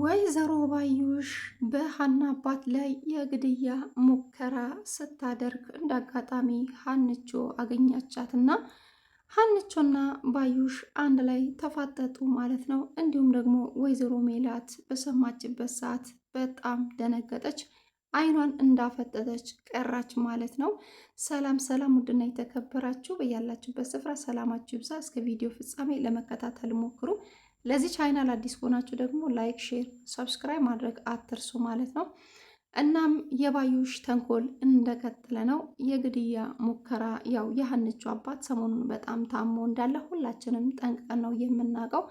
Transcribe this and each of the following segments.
ወይዘሮ ባዩሽ በሀና አባት ላይ የግድያ ሙከራ ስታደርግ እንዳጋጣሚ ሀንቾ አገኛቻትና ሀንቾና ባዩሽ አንድ ላይ ተፋጠጡ ማለት ነው። እንዲሁም ደግሞ ወይዘሮ ሜላት በሰማችበት ሰዓት በጣም ደነገጠች። አይኗን እንዳፈጠጠች ቀራች ማለት ነው። ሰላም ሰላም! ውድና የተከበራችሁ በያላችሁበት ስፍራ ሰላማችሁ ይብዛ። እስከ ቪዲዮ ፍጻሜ ለመከታተል ሞክሩ። ለዚህ ቻይናል አዲስ ከሆናችሁ ደግሞ ላይክ፣ ሼር፣ ሰብስክራይብ ማድረግ አትርሱ ማለት ነው። እናም የባዩሽ ተንኮል እንደቀጠለ ነው። የግድያ ሙከራ ያው የሀንቹ አባት ሰሞኑን በጣም ታሞ እንዳለ ሁላችንም ጠንቅቀን ነው የምናውቀው።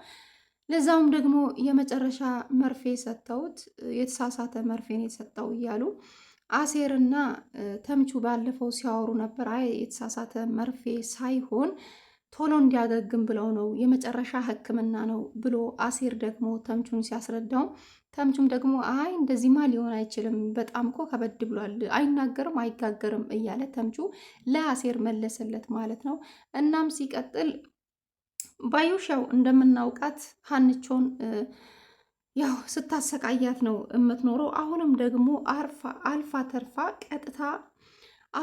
ለዛውም ደግሞ የመጨረሻ መርፌ ሰጥተውት የተሳሳተ መርፌን የሰጠው እያሉ አሴርና ተምቹ ባለፈው ሲያወሩ ነበር። አይ የተሳሳተ መርፌ ሳይሆን ቶሎ እንዲያገግም ብለው ነው የመጨረሻ ሕክምና ነው ብሎ አሴር ደግሞ ተምቹን ሲያስረዳው ተምቹም ደግሞ አይ እንደዚህማ ሊሆን አይችልም፣ በጣም እኮ ከበድ ብሏል፣ አይናገርም፣ አይጋገርም እያለ ተምቹ ለአሴር መለሰለት ማለት ነው። እናም ሲቀጥል ባዩሻው ያው እንደምናውቃት ሀንቾን ያው ስታሰቃያት ነው የምትኖረው። አሁንም ደግሞ አርፋ አልፋ ተርፋ ቀጥታ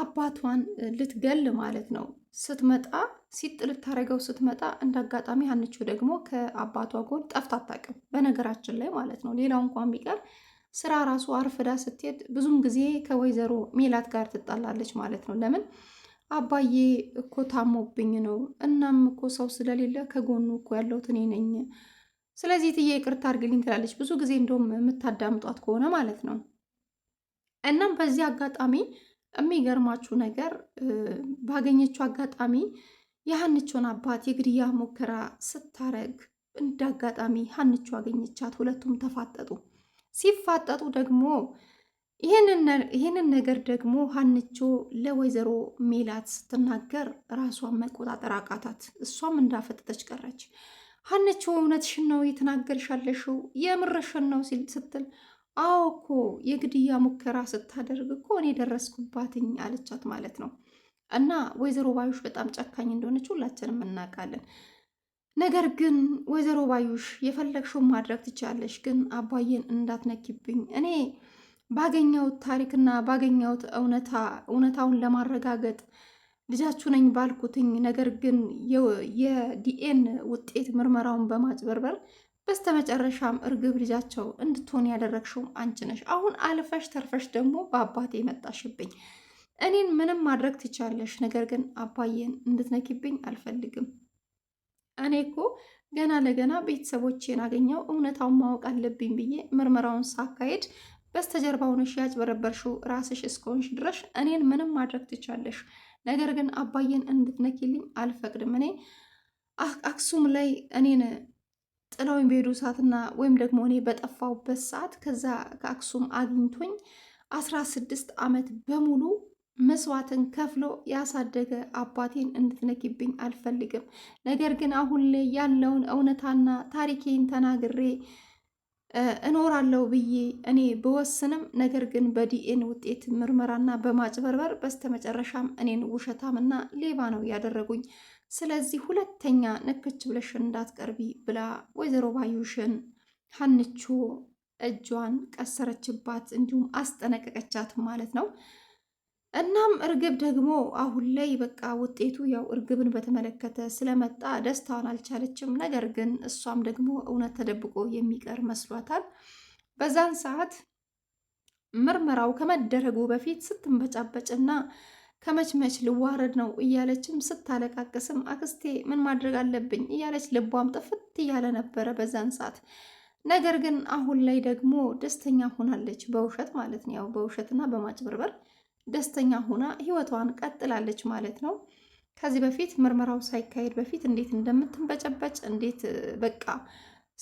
አባቷን ልትገል ማለት ነው። ስትመጣ ሲጥ ልታደርገው ስትመጣ እንደ አጋጣሚ ሀንችው ደግሞ ከአባቷ ጎን ጠፍታ አታውቅም። በነገራችን ላይ ማለት ነው። ሌላው እንኳን ቢቀር ስራ ራሱ አርፍዳ ስትሄድ ብዙም ጊዜ ከወይዘሮ ሜላት ጋር ትጣላለች ማለት ነው። ለምን አባዬ እኮ ታሞብኝ ነው፣ እናም እኮ ሰው ስለሌለ ከጎኑ እኮ ያለሁት እኔ ነኝ፣ ስለዚህ ትዬ ይቅርታ አድርግልኝ ትላለች። ብዙ ጊዜ እንደውም የምታዳምጧት ከሆነ ማለት ነው። እናም በዚህ አጋጣሚ የሚገርማችሁ ነገር ባገኘችው አጋጣሚ የሀንቾን አባት የግድያ ሙከራ ስታረግ እንደ አጋጣሚ ሀንቾ አገኘቻት። ሁለቱም ተፋጠጡ። ሲፋጠጡ ደግሞ ይህንን ነገር ደግሞ ሀንቾ ለወይዘሮ ሜላት ስትናገር ራሷን መቆጣጠር አቃታት። እሷም እንዳፈጠጠች ቀረች። ሀንቾ እውነትሽን ነው የተናገርሻለሽው የምርሽን ነው ስትል አዎ እኮ የግድያ ሙከራ ስታደርግ እኮ እኔ ደረስኩባትኝ አለቻት ማለት ነው። እና ወይዘሮ ባዩሽ በጣም ጨካኝ እንደሆነች ሁላችንም እናውቃለን። ነገር ግን ወይዘሮ ባዩሽ የፈለግሽውን ማድረግ ትችያለሽ፣ ግን አባዬን እንዳትነኪብኝ። እኔ ባገኘሁት ታሪክና ባገኘሁት እውነታ እውነታውን ለማረጋገጥ ልጃችሁ ነኝ ባልኩትኝ፣ ነገር ግን የዲኤን ውጤት ምርመራውን በማጭበርበር በስተመጨረሻም እርግብ ልጃቸው እንድትሆን ያደረግሽውም አንቺ ነሽ። አሁን አልፈሽ ተርፈሽ ደግሞ በአባቴ የመጣሽብኝ። እኔን ምንም ማድረግ ትቻለሽ፣ ነገር ግን አባዬን እንድትነኪብኝ አልፈልግም። እኔ እኮ ገና ለገና ቤተሰቦቼን አገኘው እውነታውን ማወቅ አለብኝ ብዬ ምርመራውን ሳካሄድ በስተጀርባ ሆነሽ ያጭበረበርሽው ራስሽ እስከሆንሽ ድረሽ እኔን ምንም ማድረግ ትቻለሽ፣ ነገር ግን አባዬን እንድትነኪልኝ አልፈቅድም። እኔ አክሱም ላይ እኔን ጥለውኝ በሄዱ ሰዓትና ወይም ደግሞ እኔ በጠፋሁበት ሰዓት ከዛ ከአክሱም አግኝቶኝ አስራ ስድስት ዓመት በሙሉ መስዋዕትን ከፍሎ ያሳደገ አባቴን እንድትነኪብኝ አልፈልግም። ነገር ግን አሁን ላይ ያለውን እውነታና ታሪኬን ተናግሬ እኖራለሁ ብዬ እኔ ብወስንም ነገር ግን በዲኤን ውጤት ምርመራና በማጭበርበር በስተመጨረሻም እኔን ውሸታምና ሌባ ነው ያደረጉኝ። ስለዚህ ሁለተኛ ነክች ብለሽ እንዳትቀርቢ ብላ ወይዘሮ ባዩሽን ሀንቾ እጇን ቀሰረችባት፣ እንዲሁም አስጠነቀቀቻት ማለት ነው። እናም እርግብ ደግሞ አሁን ላይ በቃ ውጤቱ ያው እርግብን በተመለከተ ስለመጣ ደስታዋን አልቻለችም። ነገር ግን እሷም ደግሞ እውነት ተደብቆ የሚቀር መስሏታል። በዛን ሰዓት ምርመራው ከመደረጉ በፊት ስትንበጫበጭና ከመች መች ልዋረድ ነው እያለችም ስታለቃቅስም አክስቴ ምን ማድረግ አለብኝ እያለች ልቧም ጥፍት እያለ ነበረ በዛን ሰዓት። ነገር ግን አሁን ላይ ደግሞ ደስተኛ ሆናለች፣ በውሸት ማለት ነው። ያው በውሸትና በማጭበርበር ደስተኛ ሆና ህይወቷን ቀጥላለች ማለት ነው። ከዚህ በፊት ምርመራው ሳይካሄድ በፊት እንዴት እንደምትንበጨበጭ እንዴት በቃ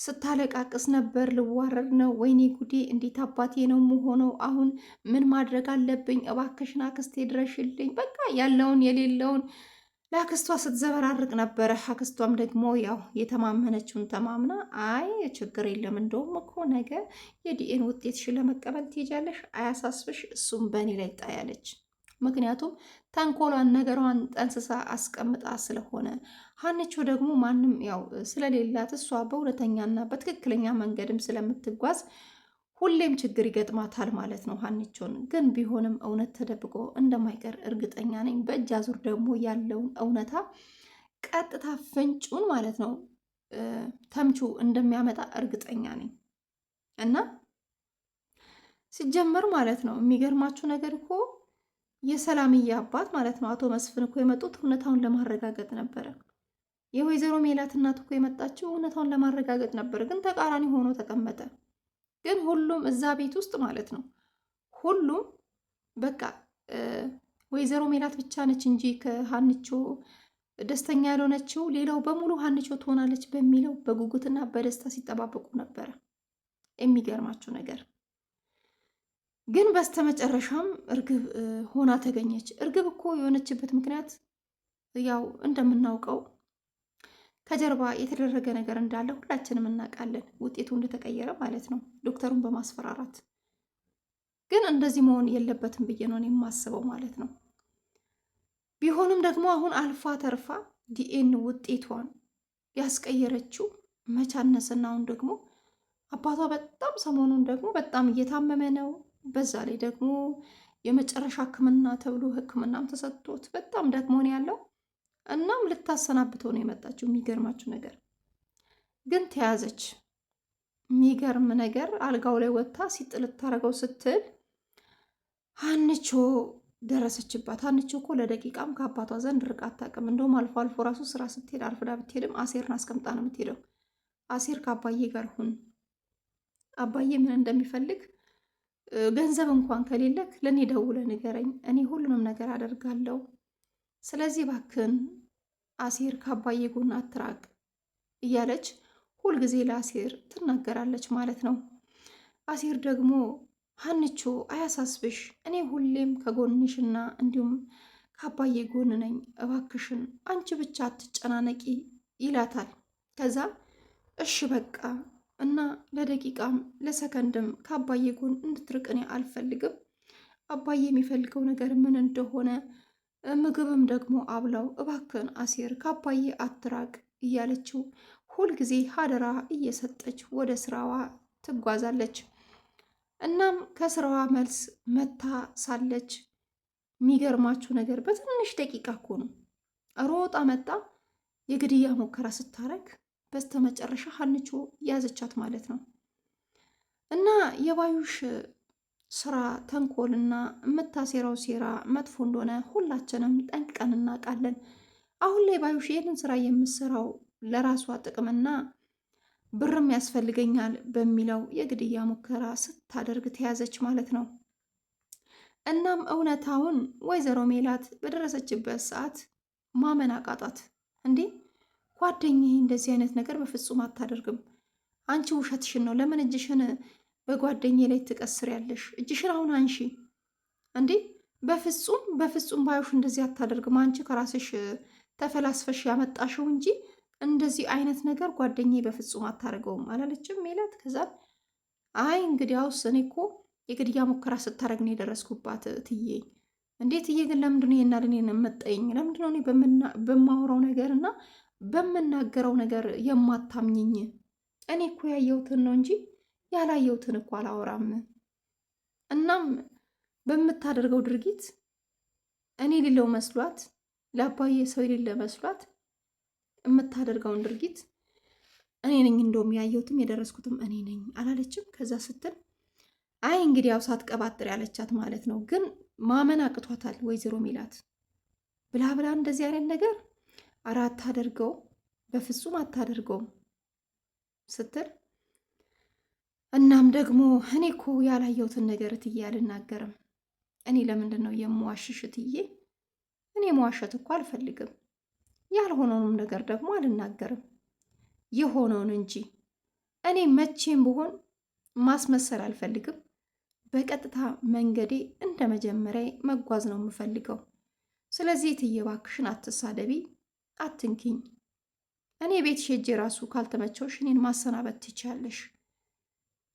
ስታለቃቅስ ነበር። ልዋረድ ነው። ወይኔ ጉዴ! እንዴት አባቴ ነው መሆነው? አሁን ምን ማድረግ አለብኝ? እባክሽን አክስቴ ድረሽልኝ። በቃ ያለውን የሌለውን ለአክስቷ ስትዘበራርቅ ነበረ። አክስቷም ደግሞ ያው የተማመነችውን ተማምና አይ ችግር የለም እንደውም እኮ ነገ የዲኤን ውጤትሽ ለመቀበል ትሄጃለሽ፣ አያሳስብሽ፣ እሱም በእኔ ላይ ጣያለች። ምክንያቱም ተንኮሏን ነገሯን ጠንስሳ አስቀምጣ ስለሆነ ሀንቾ ደግሞ ማንም ያው ስለሌላት እሷ በእውነተኛና በትክክለኛ መንገድም ስለምትጓዝ ሁሌም ችግር ይገጥማታል ማለት ነው። ሀንቾን ግን ቢሆንም እውነት ተደብቆ እንደማይቀር እርግጠኛ ነኝ። በእጅ አዙር ደግሞ ያለውን እውነታ ቀጥታ ፍንጩን ማለት ነው ተምቹ እንደሚያመጣ እርግጠኛ ነኝ። እና ሲጀመር ማለት ነው የሚገርማችሁ ነገር እኮ የሰላምዬ አባት ማለት ነው አቶ መስፍን እኮ የመጡት እውነታውን ለማረጋገጥ ነበረ። የወይዘሮ ሜላት እናት እኮ የመጣችው እውነታውን ለማረጋገጥ ነበር፣ ግን ተቃራኒ ሆኖ ተቀመጠ። ግን ሁሉም እዛ ቤት ውስጥ ማለት ነው ሁሉም በቃ ወይዘሮ ሜላት ብቻ ነች እንጂ ከሀንቾ ደስተኛ ያልሆነችው፣ ሌላው በሙሉ ሀንቾ ትሆናለች በሚለው በጉጉትና በደስታ ሲጠባበቁ ነበረ። የሚገርማችሁ ነገር ግን በስተመጨረሻም እርግብ ሆና ተገኘች። እርግብ እኮ የሆነችበት ምክንያት ያው እንደምናውቀው ከጀርባ የተደረገ ነገር እንዳለ ሁላችንም እናውቃለን። ውጤቱ እንደተቀየረ ማለት ነው፣ ዶክተሩን በማስፈራራት ግን እንደዚህ መሆን የለበትም ብዬ ነው የማስበው ማለት ነው። ቢሆንም ደግሞ አሁን አልፋ ተርፋ ዲኤን ውጤቷን ያስቀየረችው መቻነስና አሁን ደግሞ አባቷ በጣም ሰሞኑን ደግሞ በጣም እየታመመ ነው በዛ ላይ ደግሞ የመጨረሻ ሕክምና ተብሎ ሕክምናም ተሰጥቶት በጣም ደክሞ ነው ያለው። እናም ልታሰናብተው ነው የመጣችው። የሚገርማችሁ ነገር ግን ተያዘች። የሚገርም ነገር አልጋው ላይ ወጥታ ሲጥ ልታደርገው ስትል አንቾ ደረሰችባት። አንቾ እኮ ለደቂቃም ከአባቷ ዘንድ ርቃ አታውቅም። እንደውም አልፎ አልፎ ራሱ ስራ ስትሄድ አርፍዳ ብትሄድም አሴርን አስቀምጣ ነው የምትሄደው። አሴር ከአባዬ ጋር ሁን፣ አባዬ ምን እንደሚፈልግ ገንዘብ እንኳን ከሌለክ ለእኔ ደውለህ ንገረኝ፣ እኔ ሁሉንም ነገር አደርጋለሁ። ስለዚህ ባክን አሴር ከአባዬ ጎን አትራቅ እያለች ሁልጊዜ ለአሴር ትናገራለች ማለት ነው። አሴር ደግሞ ሀንቾ አያሳስብሽ፣ እኔ ሁሌም ከጎንሽና እንዲሁም ከአባዬ ጎን ነኝ፣ እባክሽን አንቺ ብቻ አትጨናነቂ ይላታል። ከዛ እሺ በቃ እና ለደቂቃም ለሰከንድም ከአባዬ ጎን እንድትርቅ እኔ አልፈልግም። አባዬ የሚፈልገው ነገር ምን እንደሆነ ምግብም ደግሞ አብላው እባክን አሴር ከአባዬ አትራቅ እያለችው ሁልጊዜ ሀደራ እየሰጠች ወደ ስራዋ ትጓዛለች። እናም ከስራዋ መልስ መታ ሳለች የሚገርማችሁ ነገር በትንሽ ደቂቃ እኮ ነው ሮጣ መጣ የግድያ ሙከራ ስታረግ በስተመጨረሻ ሀንቾ ያዘቻት ማለት ነው። እና የባዩሽ ስራ ተንኮልና የምታሴራው ሴራ መጥፎ እንደሆነ ሁላችንም ጠንቅቀን እናውቃለን። አሁን ላይ ባዩሽ ይህንን ስራ የምትሰራው ለራሷ ጥቅምና ብርም ያስፈልገኛል በሚለው የግድያ ሙከራ ስታደርግ ተያዘች ማለት ነው። እናም እውነታውን ወይዘሮ ሜላት በደረሰችበት ሰዓት ማመን አቃጣት እንዴ ጓደኛዬ እንደዚህ አይነት ነገር በፍጹም አታደርግም። አንቺ ውሸትሽን ነው። ለምን እጅሽን በጓደኛዬ ላይ ትቀስሪያለሽ? እጅሽን አሁን አንሺ። እንዴ በፍጹም በፍጹም ባዩሽ እንደዚህ አታደርግም። አንቺ ከራስሽ ተፈላስፈሽ ያመጣሽው እንጂ እንደዚህ አይነት ነገር ጓደኛዬ በፍጹም አታደርገውም አላለችም ሜላት። ከዛ አይ እንግዲያውስ እኔ እኮ የግድያ ሙከራ ስታደርግ ነው የደረስኩባት ትዬ እንዴት እየ ግን ለምንድን ነው የናድን የምጠይኝ? ለምንድን ነው በማውራው ነገር እና በምናገረው ነገር የማታምኝኝ እኔ እኮ ያየሁትን ነው እንጂ ያላየሁትን እኮ አላወራም። እናም በምታደርገው ድርጊት እኔ የሌለው መስሏት ለአባዬ ሰው የሌለ መስሏት የምታደርገውን ድርጊት እኔ ነኝ እንደውም ያየሁትም የደረስኩትም እኔ ነኝ አላለችም። ከዛ ስትል አይ እንግዲህ ያው ሳትቀባጥር ያለቻት ማለት ነው። ግን ማመን አቅቷታል ወይዘሮ ሚላት ብላ ብላ እንደዚህ አይነት ነገር አረ አታደርገው፣ በፍጹም አታደርገውም ስትል እናም ደግሞ እኔ እኮ ያላየሁትን ነገር እትዬ አልናገርም። እኔ ለምንድን ነው የምዋሽሽ እትዬ? እኔ መዋሸት እኮ አልፈልግም። ያልሆነውንም ነገር ደግሞ አልናገርም፣ የሆነውን እንጂ። እኔ መቼም ብሆን ማስመሰል አልፈልግም። በቀጥታ መንገዴ እንደ መጀመሪያ መጓዝ ነው የምፈልገው። ስለዚህ እትዬ እባክሽን አትሳደቢ፣ አትንኪኝ። እኔ ቤት ሄጄ ራሱ ካልተመቸውሽ እኔን ማሰናበት ትችያለሽ።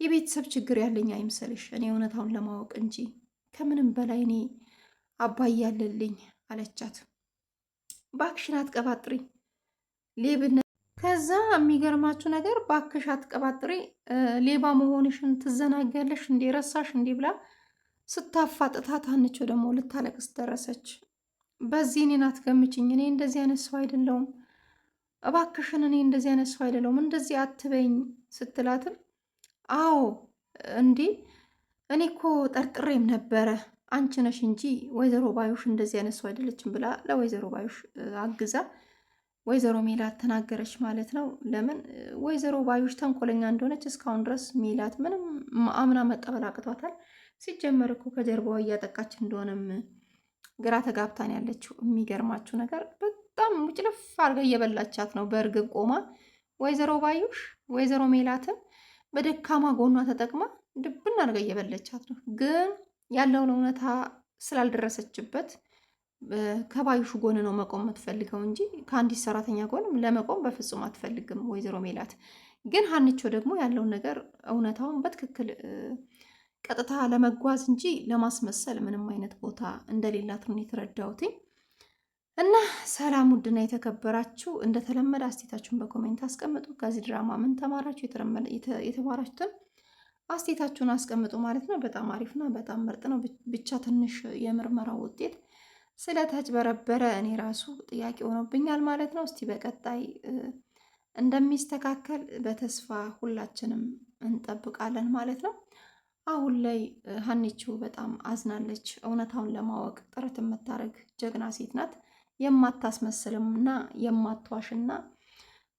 የቤተሰብ ችግር ያለኝ አይምሰልሽ። እኔ እውነታውን ለማወቅ እንጂ ከምንም በላይ እኔ አባይ ያለልኝ አለቻት። ባክሽን አትቀባጥሪ ሌብነት ከዛ የሚገርማችሁ ነገር ባክሽ አትቀባጥሪ ሌባ መሆንሽን ትዘናጊያለሽ እንዴ ረሳሽ እንዴ ብላ ስታፋጥታት አንቸው ደግሞ ልታለቅስ ደረሰች። በዚህ እኔን አትገምችኝ። እኔ እንደዚህ አይነት ሰው አይደለውም። እባክሽን እኔ እንደዚህ አይነት ሰው አይደለውም። እንደዚህ አትበይኝ ስትላትም አዎ እንዴ እኔ እኮ ጠርጥሬም ነበረ አንቺ ነሽ እንጂ ወይዘሮ ባዩሽ እንደዚህ አይነት ሰው አይደለችም ብላ ለወይዘሮ ባዩሽ አግዛ ወይዘሮ ሜላት ተናገረች ማለት ነው። ለምን ወይዘሮ ባዩሽ ተንኮለኛ እንደሆነች እስካሁን ድረስ ሜላት ምንም አምና መቀበል አቅቷታል። ሲጀመር እኮ ከጀርባዋ እያጠቃች እንደሆነም ግራ ተጋብታን ያለችው። የሚገርማችሁ ነገር በጣም ሙጭልፍ አድርጋ እየበላቻት ነው በእርግብ ቆማ። ወይዘሮ ባዩሽ ወይዘሮ ሜላትን በደካማ ጎኗ ተጠቅማ ድብን አድርጋ እየበለቻት ነው። ግን ያለውን እውነታ ስላልደረሰችበት ከባዩሽ ጎን ነው መቆም የምትፈልገው እንጂ ከአንዲት ሰራተኛ ጎን ለመቆም በፍጹም አትፈልግም ወይዘሮ ሜላት። ግን ሀንቾ ደግሞ ያለውን ነገር እውነታውን በትክክል ቀጥታ ለመጓዝ እንጂ ለማስመሰል ምንም አይነት ቦታ እንደሌላት ነው የተረዳሁትኝ። እና ሰላም ውድና የተከበራችሁ እንደተለመደ አስቴታችሁን በኮሜንት አስቀምጡ። ከዚህ ድራማ ምን ተማራችሁ? የተማራችሁትን አስቴታችሁን አስቀምጡ ማለት ነው። በጣም አሪፍና በጣም ምርጥ ነው። ብቻ ትንሽ የምርመራው ውጤት ስለተጭበረበረ እኔ ራሱ ጥያቄ ሆኖብኛል ማለት ነው። እስቲ በቀጣይ እንደሚስተካከል በተስፋ ሁላችንም እንጠብቃለን ማለት ነው። አሁን ላይ ሀኒቹ በጣም አዝናለች። እውነታውን ለማወቅ ጥረት የምታደርግ ጀግና ሴት ናት። የማታስመስልም እና የማትዋሽና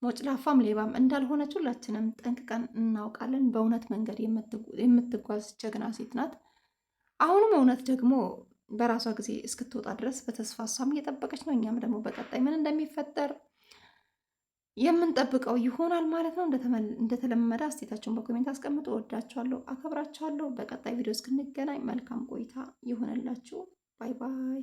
ሞጭላፋም ሌባም እንዳልሆነች ሁላችንም ጠንቅቀን እናውቃለን። በእውነት መንገድ የምትጓዝ ጀግና ሴት ናት። አሁንም እውነት ደግሞ በራሷ ጊዜ እስክትወጣ ድረስ በተስፋ እሷም እየጠበቀች ነው። እኛም ደግሞ በቀጣይ ምን እንደሚፈጠር የምንጠብቀው ይሆናል ማለት ነው። እንደተለመደ አስቴታቸውን በኮሜንት አስቀምጡ። ወዳችኋለሁ፣ አከብራችኋለሁ። በቀጣይ ቪዲዮ እስክንገናኝ መልካም ቆይታ ይሆነላችሁ። ባይ ባይ።